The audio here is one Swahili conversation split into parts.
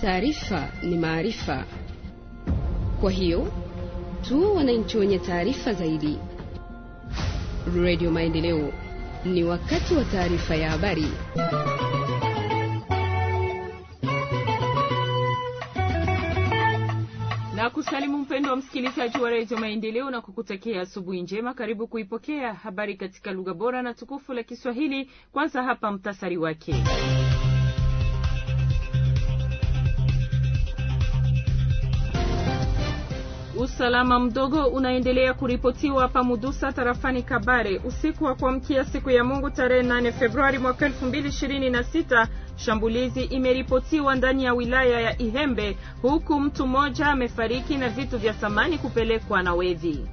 Taarifa ni maarifa, kwa hiyo tu wananchi wenye taarifa zaidi. Radio Maendeleo, ni wakati wa taarifa ya habari. Na kusalimu mpendo wa msikilizaji wa redio Maendeleo na kukutakia asubuhi njema. Karibu kuipokea habari katika lugha bora na tukufu la Kiswahili. Kwanza hapa mtasari wake Usalama mdogo unaendelea kuripotiwa Pamudusa tarafani Kabare usiku wa kuamkia siku ya Mungu tarehe 8 Februari mwaka 2026. Shambulizi imeripotiwa ndani ya wilaya ya Ihembe huku mtu mmoja amefariki na vitu vya thamani kupelekwa na wedhi.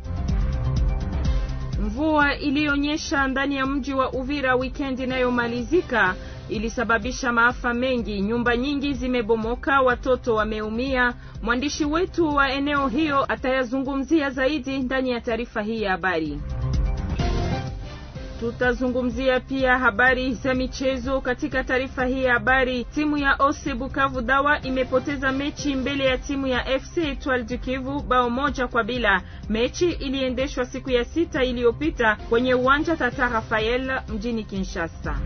Mvua iliyonyesha ndani ya mji wa Uvira wikendi inayomalizika ilisababisha maafa mengi. Nyumba nyingi zimebomoka, watoto wameumia. Mwandishi wetu wa eneo hiyo atayazungumzia zaidi ndani ya taarifa hii ya habari. Tutazungumzia pia habari za michezo katika taarifa hii ya habari. Timu ya Ose Bukavu Dawa imepoteza mechi mbele ya timu ya FC Etoile du Kivu bao moja kwa bila. Mechi iliendeshwa siku ya sita iliyopita kwenye uwanja Tata Rafael mjini Kinshasa.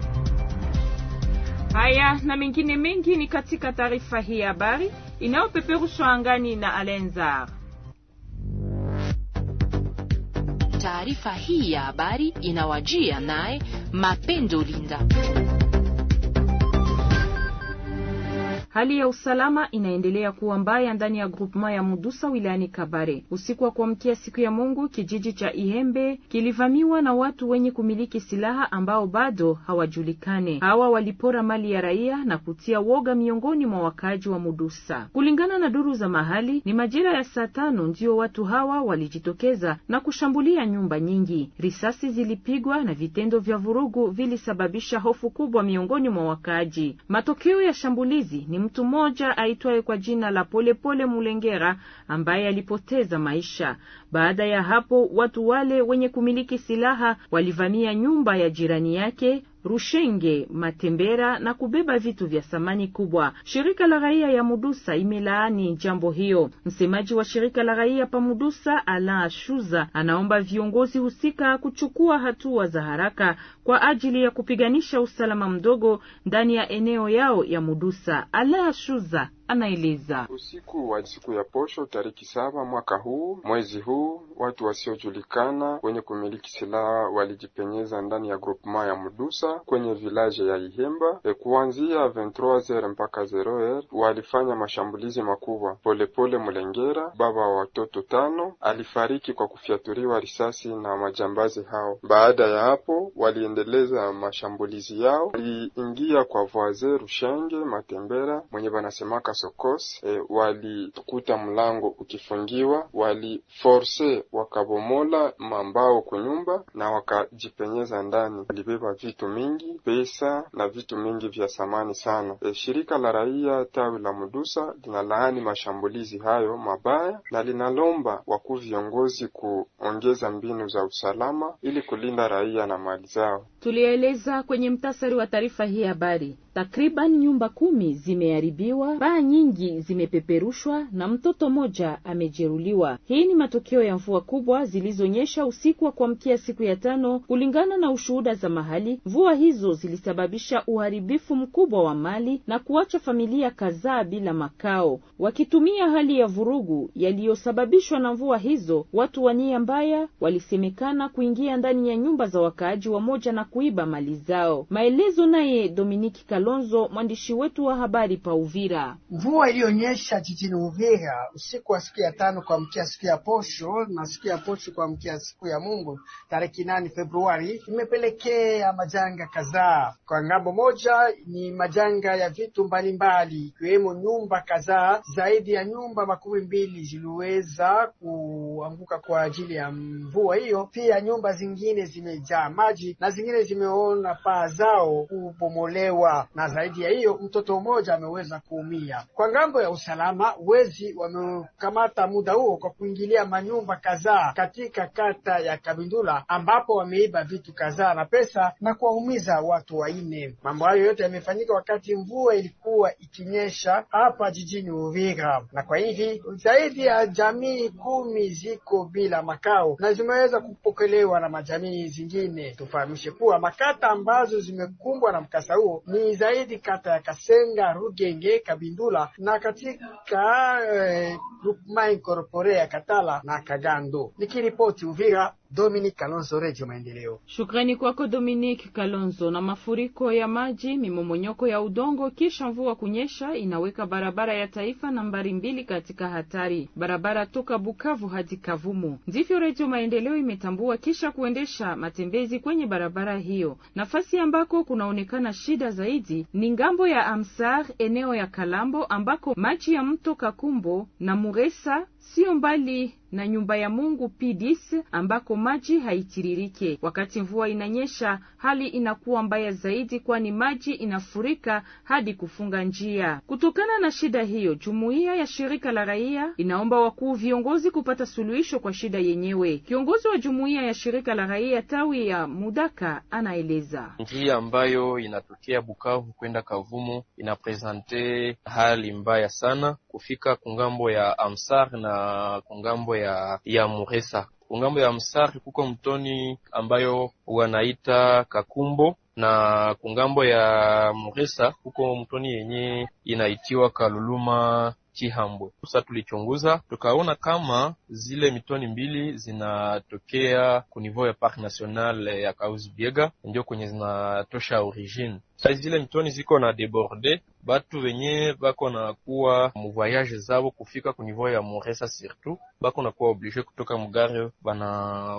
Haya na mengine mengi ni katika taarifa hii ya habari inayopeperushwa angani na Alenzar. Taarifa hii ya habari inawajia naye Mapendo Linda. Hali ya usalama inaendelea kuwa mbaya ndani ya groupema ya Mudusa wilayani Kabare. Usiku wa kuamkia siku ya Mungu, kijiji cha Ihembe kilivamiwa na watu wenye kumiliki silaha ambao bado hawajulikane. Hawa walipora mali ya raia na kutia woga miongoni mwa wakaaji wa Mudusa. Kulingana na duru za mahali, ni majira ya saa tano ndiyo watu hawa walijitokeza na kushambulia nyumba nyingi. Risasi zilipigwa na vitendo vya vurugu vilisababisha hofu kubwa miongoni mwa wakaaji. Matokeo ya shambulizi ni mtu mmoja aitwaye kwa jina la Polepole Pole Mulengera ambaye alipoteza maisha. Baada ya hapo, watu wale wenye kumiliki silaha walivamia nyumba ya jirani yake Rushenge, matembera na kubeba vitu vya thamani kubwa. Shirika la raia ya Mudusa imelaani jambo hiyo. Msemaji wa shirika la raia pa Mudusa, Ala Shuza, anaomba viongozi husika kuchukua hatua za haraka kwa ajili ya kupiganisha usalama mdogo ndani ya eneo yao ya Mudusa. Ala Shuza anaeleza. Usiku wa siku ya posho tariki saba mwaka huu mwezi huu, watu wasiojulikana wenye kumiliki silaha walijipenyeza ndani ya groupement ya Mudusa kwenye vilaje ya Ihemba. E, kuanzia 23h mpaka 0h walifanya mashambulizi makubwa. Polepole Mulengera, baba wa watoto tano, alifariki kwa kufyaturiwa risasi na majambazi hao. Baada ya hapo, waliendeleza mashambulizi yao, waliingia kwa Voise Rushenge Matembera mwenye banasemaka Sokos e, eh, walikuta mlango ukifungiwa, waliforse wakabomola mambao kunyumba na wakajipenyeza ndani. Walibeba vitu mingi, pesa na vitu mingi vya samani sana. E, shirika la raia tawi la Mudusa linalaani mashambulizi hayo mabaya na linalomba wakuu viongozi kuongeza mbinu za usalama ili kulinda raia na mali zao. Tulieleza kwenye mtasari wa taarifa hii habari. Takriban nyumba kumi zimeharibiwa, paa nyingi zimepeperushwa na mtoto mmoja amejeruliwa. Hii ni matokeo ya mvua kubwa zilizonyesha usiku wa kuamkia siku ya tano. Kulingana na ushuhuda za mahali, mvua hizo zilisababisha uharibifu mkubwa wa mali na kuacha familia kadhaa bila makao. Wakitumia hali ya vurugu yaliyosababishwa na mvua hizo, watu wa nia mbaya walisemekana kuingia ndani ya nyumba za wakaaji wamoja na kuiba mali zao. Maelezo naye Dominiki Alonzo, mwandishi wetu wa habari pa Uvira. Mvua iliyonyesha jijini Uvira usiku wa siku ya tano kuamkia siku ya posho na siku ya posho kuamkia siku ya Mungu tarehe nane Februari imepelekea majanga kadhaa. Kwa ngambo moja ni majanga ya vitu mbalimbali ikiwemo nyumba kadhaa, zaidi ya nyumba makumi mbili ziliweza kuanguka kwa ajili ya mvua hiyo. Pia nyumba zingine zimejaa maji na zingine zimeona paa zao kubomolewa na zaidi ya hiyo mtoto mmoja ameweza kuumia. Kwa ngambo ya usalama, wezi wamekamata muda huo kwa kuingilia manyumba kadhaa katika kata ya Kabindula ambapo wameiba vitu kadhaa na pesa na kuwaumiza watu wanne. Mambo hayo yote yamefanyika wakati mvua ilikuwa ikinyesha hapa jijini Uvira, na kwa hivi zaidi ya jamii kumi ziko bila makao na zimeweza kupokelewa na majamii zingine. Tufahamishe kuwa makata ambazo zimekumbwa na mkasa huo ni zaidi kata ya Kasenga, Rugenge, Kabindula na katika eh, Groupement Incorpore ya Katala na Kagando. Nikiripoti Uvira, Dominic Kalonzo, Radio Maendeleo. Shukrani kwako Dominic Kalonzo. Na mafuriko ya maji, mimomonyoko ya udongo kisha mvua kunyesha inaweka barabara ya taifa nambari mbili katika hatari, barabara toka Bukavu hadi Kavumu. Ndivyo Radio Maendeleo imetambua kisha kuendesha matembezi kwenye barabara hiyo. Nafasi ambako kunaonekana shida zaidi ni ngambo ya Amsar, eneo ya Kalambo ambako maji ya mto Kakumbo na Muresa sio mbali na nyumba ya Mungu pds ambako maji haitiririke. Wakati mvua inanyesha, hali inakuwa mbaya zaidi, kwani maji inafurika hadi kufunga njia. Kutokana na shida hiyo, jumuiya ya shirika la raia inaomba wakuu viongozi kupata suluhisho kwa shida yenyewe. Kiongozi wa jumuiya ya shirika la raia tawi ya Mudaka anaeleza njia ambayo inatokea Bukavu kwenda Kavumu inapresente hali mbaya sana, kufika kungambo ya Amsar na kungambo ya ya ya Muresa. Kungambo ya Msari kuko mtoni ambayo wanaita Kakumbo na kungambo ya Muresa kuko mtoni yenye inaitiwa Kaluluma Chihambwe. Sasa tulichunguza tukaona kama zile mitoni mbili zinatokea kunivo ya Park National ya Kahuzi-Biega, ndio kwenye zinatosha origine saizi zile mitoni ziko na deborde batu venye bako na kuwa muvoyage zabo kufika ku ya Muresa, surtout bako na kuwa oblige kutoka mugari bana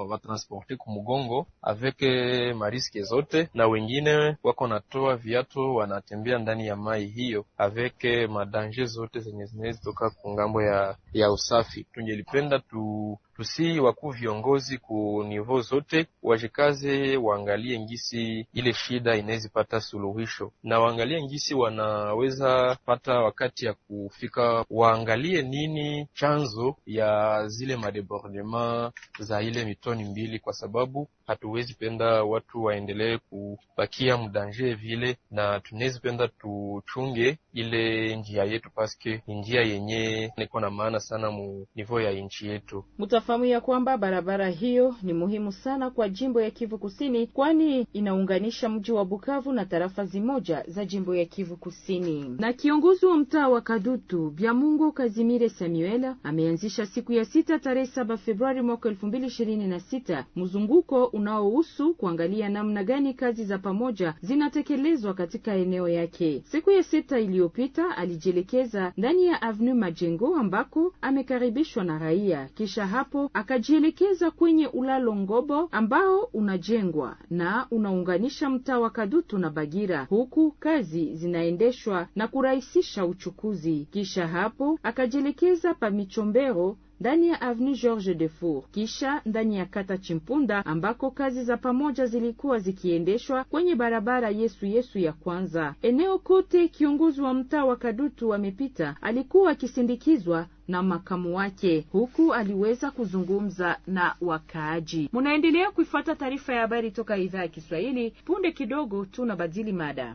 watransporte ku mugongo avec eh, mariske zote, na wengine wako natoa viatu wanatembea ndani ya mai hiyo avec eh, madanje zote zenye zinaweza kungambo ya, ya usafi. Tungelipenda tu tusi wakuu viongozi ku nivo zote wajikaze, waangalie ngisi ile shida inawezipata suluhisho, na waangalie ngisi wanaweza pata wakati ya kufika, waangalie nini chanzo ya zile madebordement za ile mitoni mbili, kwa sababu hatuwezi penda watu waendelee kubakia mdanje vile, na tunawezi penda tuchunge ile njia yetu, paske ni njia yenye niko na maana sana mu nivo ya nchi yetu Muta tunafahamu ya kwamba barabara hiyo ni muhimu sana kwa jimbo ya Kivu Kusini, kwani inaunganisha mji wa Bukavu na tarafa zimoja za jimbo ya Kivu Kusini. Na kiongozi wa mtaa wa Kadutu byamungo Kazimire Samuela ameanzisha siku ya sita tarehe saba Februari mwaka elfu mbili ishirini na sita mzunguko unaohusu kuangalia namna gani kazi za pamoja zinatekelezwa katika eneo yake. Siku ya sita iliyopita alijielekeza ndani ya Avenue Majengo ambako amekaribishwa na raia kisha hapo hapo akajielekeza kwenye ulalo Ngobo ambao unajengwa na unaunganisha mtaa wa Kadutu na Bagira, huku kazi zinaendeshwa na kurahisisha uchukuzi. Kisha hapo akajielekeza pa Michombero ndani ya Avenue George Defour, kisha ndani ya kata Chimpunda ambako kazi za pamoja zilikuwa zikiendeshwa kwenye barabara Yesu Yesu ya kwanza. Eneo kote kiongozi wa mtaa wa Kadutu amepita, alikuwa akisindikizwa na makamu wake huku aliweza kuzungumza na wakaaji. Munaendelea kuifuata taarifa ya habari toka idhaa ya Kiswahili. Punde kidogo tunabadili mada.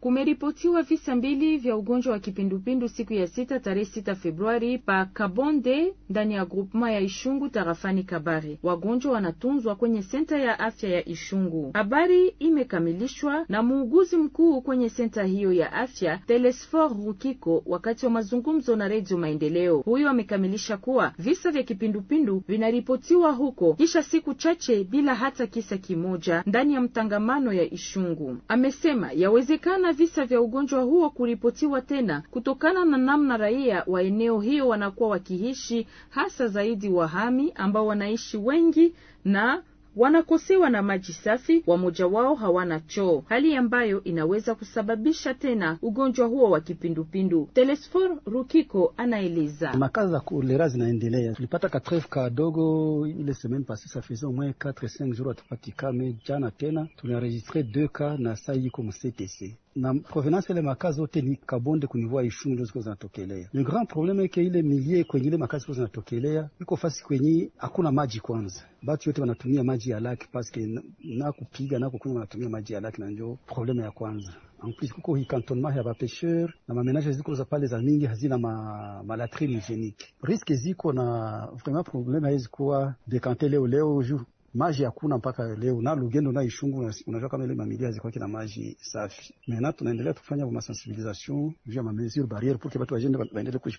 kumeripotiwa visa mbili vya ugonjwa wa kipindupindu siku ya sita tarehe sita Februari pa Kabonde ndani ya grupma ya Ishungu tarafani Kabare. Wagonjwa wanatunzwa kwenye senta ya afya ya Ishungu. Habari imekamilishwa na muuguzi mkuu kwenye senta hiyo ya afya Telesfor Rukiko wakati wa mazungumzo na Redio Maendeleo. Huyo amekamilisha kuwa visa vya kipindupindu vinaripotiwa huko kisha siku chache bila hata kisa kimoja ndani ya mtangamano ya Ishungu. Amesema yawezekana hakuna visa vya ugonjwa huo kuripotiwa tena, kutokana na namna raia wa eneo hiyo wanakuwa wakiishi, hasa zaidi wahami ambao wanaishi wengi na wanakosewa na maji safi, wamoja wao hawana choo, hali ambayo inaweza kusababisha tena ugonjwa huo wa kipindupindu. Telesfor Rukiko anaeleza makazi za kolera zinaendelea. Tulipata katrefu kadogo ile semaine pase safaiso mwe 4 5 jours hatupatikame. Jana tena tunaregistre 2 ka na sa iko mCTC na provenance ile makazi yote ni Kabonde kunivua ishungu ndio ziko zinatokelea. Le grand probleme ke ile milie kwenye ile makazi ziko zinatokelea iko fasi kwenye hakuna maji kwanza, batu yote wanatumia maji ya laki paske na kupiga na kukunywa wanatumia maji ya laki, na ndio probleme ya kwanza. En plus kuko hii cantonnement ya bapesheur na mamenage ziko za pale za mingi hazina ma, malatrine hygienique. Riske ziko na vraiment probleme haizi kuwa dekante leo leo juu maji hakuna mpaka leo, na lugendo na ishungu, unajua kama ile mamilia hazikwaki na maji safi. Mena tunaendelea tufanya kwa sensibilisation via ma mesure barriere pour que watu wajende waendelee ku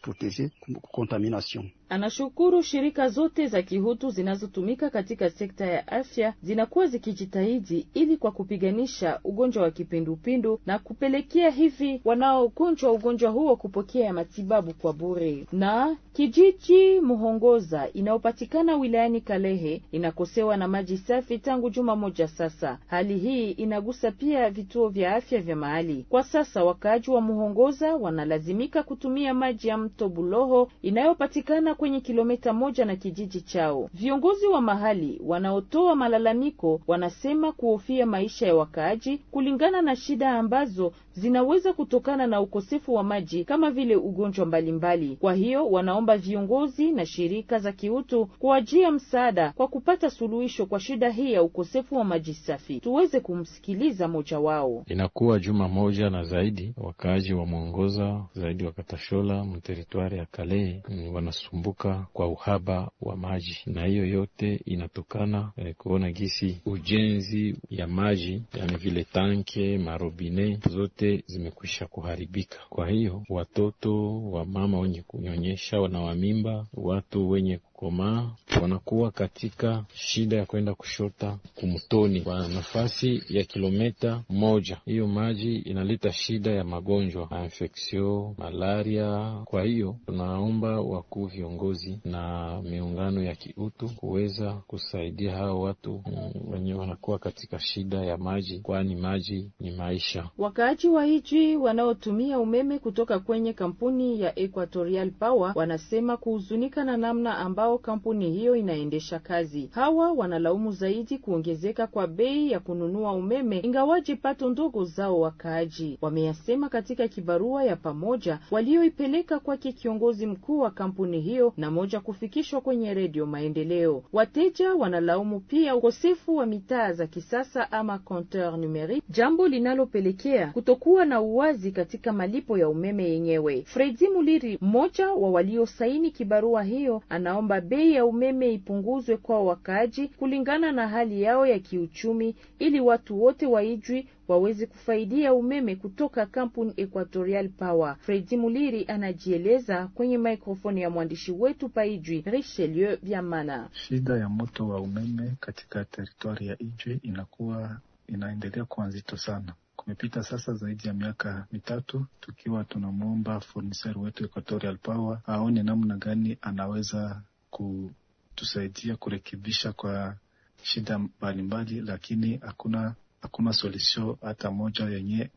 contamination. Anashukuru shirika zote za kihutu zinazotumika katika sekta ya afya zinakuwa zikijitahidi ili kwa kupiganisha ugonjwa wa kipindupindu na kupelekea hivi wanaogonjwa ugonjwa huo kupokea ya matibabu kwa bure. Na kijiji Muhongoza inayopatikana wilayani Kalehe inakosewa na maji safi tangu juma moja sasa. Hali hii inagusa pia vituo vya afya vya mahali. Kwa sasa wakaaji wa Muhongoza wanalazimika kutumia maji ya mto Buloho inayopatikana kwenye kilomita moja na kijiji chao. Viongozi wa mahali wanaotoa malalamiko wanasema kuhofia maisha ya wakaaji kulingana na shida ambazo zinaweza kutokana na ukosefu wa maji kama vile ugonjwa mbalimbali. Kwa hiyo wanaomba viongozi na shirika za kiutu kuajia msaada kwa kupata suluhisho kwa shida hii ya ukosefu wa maji safi. Tuweze kumsikiliza moja wao. Inakuwa juma moja na zaidi, wakaaji mwongoza zaidi wa Katashola mteritwari ya Kale wanasumbuka kwa uhaba wa maji, na hiyo yote inatokana eh, kuona gisi ujenzi ya maji yani vile tanke marobine zote zote zimekwisha kuharibika. Kwa hiyo watoto wa mama wenye kunyonyesha na wamimba, watu wenye koma wanakuwa katika shida ya kwenda kushota kumtoni kwa nafasi ya kilomita moja. Hiyo maji inaleta shida ya magonjwa ya infeksio, malaria. Kwa hiyo tunaomba wakuu viongozi na miungano ya kiutu kuweza kusaidia hao watu mm, wenye wanakuwa katika shida ya maji, kwani maji ni maisha. Wakaaji wa Ijwi wanaotumia umeme kutoka kwenye kampuni ya Equatorial Power wanasema kuhuzunika na namna ambao ambao kampuni hiyo inaendesha kazi. Hawa wanalaumu zaidi kuongezeka kwa bei ya kununua umeme, ingawaje pato ndogo zao wakaaji wameyasema katika kibarua ya pamoja walioipeleka kwake kiongozi mkuu wa kampuni hiyo na moja kufikishwa kwenye Redio Maendeleo. Wateja wanalaumu pia ukosefu wa mitaa za kisasa ama compteur numerique, jambo linalopelekea kutokuwa na uwazi katika malipo ya umeme yenyewe. Fredi Muliri, mmoja wa waliosaini kibarua hiyo, anaomba bei ya umeme ipunguzwe kwa wakaaji kulingana na hali yao ya kiuchumi, ili watu wote waijwi waweze kufaidia umeme kutoka kampuni Equatorial Power. Fredi Muliri anajieleza kwenye mikrofoni ya mwandishi wetu paijwi Richelieu Biamana. Shida ya moto wa umeme katika teritwari ya Ijwi inakuwa inaendelea kuwa nzito sana. Kumepita sasa zaidi ya miaka mitatu tukiwa tunamwomba fornisher wetu Equatorial Power aone namna gani anaweza kutusaidia kurekebisha kwa shida mbalimbali, lakini hakuna hakuna solution hata moja yenye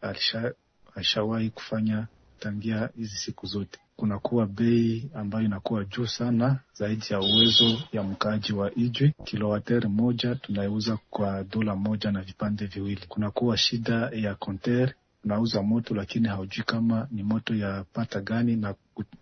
alishawahi kufanya tangia hizi siku zote. Kunakuwa bei ambayo inakuwa juu sana zaidi ya uwezo ya mkaaji wa Ijwi. Kilowateri moja tunaiuza kwa dola moja na vipande viwili. Kunakuwa shida ya konter, unauza moto lakini haujui kama ni moto ya pata gani na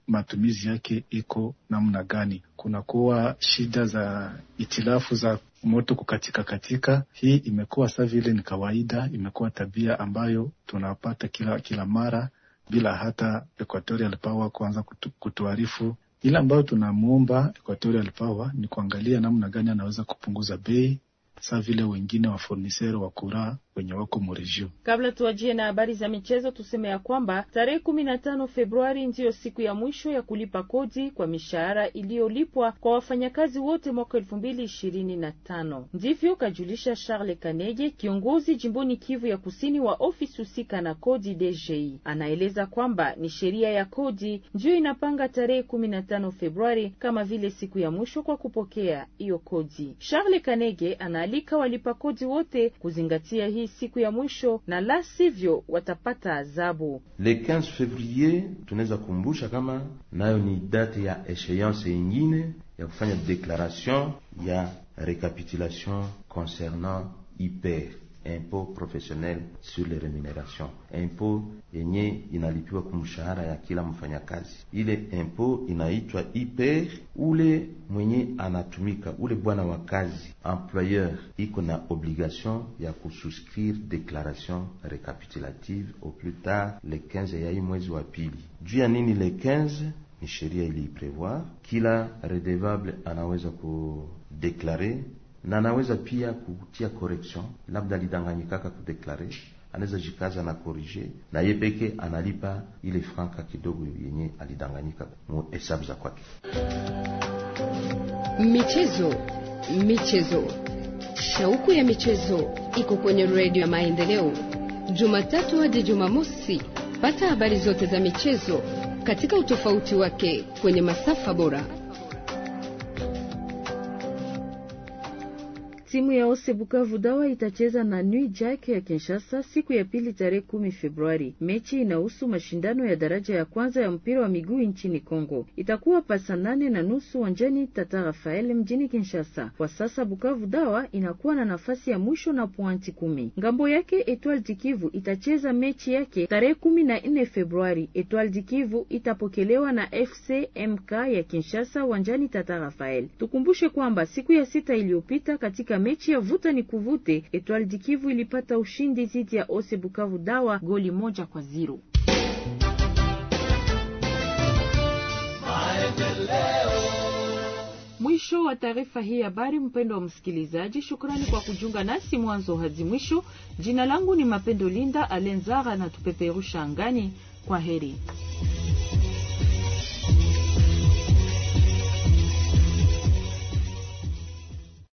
matumizi yake iko namna gani kunakuwa shida za itilafu za moto kukatika katika. Hii imekuwa sa vile ni kawaida, imekuwa tabia ambayo tunapata kila kila mara bila hata Equatorial Power kuanza kutu, kutuarifu. Ile ambayo tunamwomba Equatorial Power ni kuangalia namna gani anaweza kupunguza bei, saa vile wengine wafornisero wa kuraa wenye wako mregio. Kabla tuajie na habari za michezo, tuseme ya kwamba tarehe kumi na tano Februari ndiyo siku ya mwisho ya kulipa kodi kwa mishahara iliyolipwa kwa wafanyakazi wote mwaka elfu mbili ishirini na tano. Ndivyo kajulisha Charles Kanege, kiongozi jimboni Kivu ya kusini wa ofisi husika na kodi DGI. Anaeleza kwamba ni sheria ya kodi ndiyo inapanga tarehe kumi na tano Februari kama vile siku ya mwisho kwa kupokea hiyo kodi. Charles Kanege anaalika walipa kodi wote kuzingatia hii hii siku ya mwisho, na la sivyo watapata adhabu. Le 15 fevrier tunaweza kumbusha kama nayo ni date ya esheance yengine ya kufanya deklaration ya recapitulation concernant IPR. E impôt professionnel sur les rémunérations, impôt yenye inalipiwa kumshahara ya kila mfanyakazi, ile impôt inaitwa IPR. Ule mwenye anatumika, ule bwana wa kazi, employeur, iko na obligation ya kususcrire déclaration récapitulative au plus tard le 15 ya hii mwezi wa pili. Juu ya nini le 15? Ni sheria iliiprevoir, kila redevable anaweza kudeklare na anaweza pia kutia correction, labda alidanganyikaka kudeklare, anaweza jikaza na korije na ye peke analipa ile franka kidogo yenye alidanganyika mu hesabu za kwake. Michezo, michezo, shauku ya michezo iko kwenye redio ya Maendeleo, Jumatatu hadi Jumamosi. Pata habari zote za michezo katika utofauti wake kwenye masafa bora. Timu ya Ose Bukavu Dawa itacheza na Nui Jack ya Kinshasa siku ya pili tarehe kumi Februari. Mechi inahusu mashindano ya daraja ya kwanza ya mpira wa miguu nchini Kongo. Itakuwa pasa nane na nusu wanjani Tata Rafael mjini Kinshasa. Kwa sasa Bukavu Dawa inakuwa na nafasi ya mwisho na pointi kumi. Ngambo yake Etoile Dikivu itacheza mechi yake tarehe kumi na nne Februari. Etoile Dikivu itapokelewa na FC MK ya Kinshasa wanjani Tata Rafael. Tukumbushe kwamba siku ya sita iliyopita katika mechi ya vuta ni kuvute, Etoile du Kivu ilipata ushindi dhidi ya Ose Bukavu Dawa goli moja kwa ziro. Mwisho wa taarifa hii habari. Mpendo wa msikilizaji, shukrani kwa kujiunga nasi mwanzo hadi mwisho. Jina langu ni Mapendo Linda Alenzara na tupeperusha angani. Kwa heri.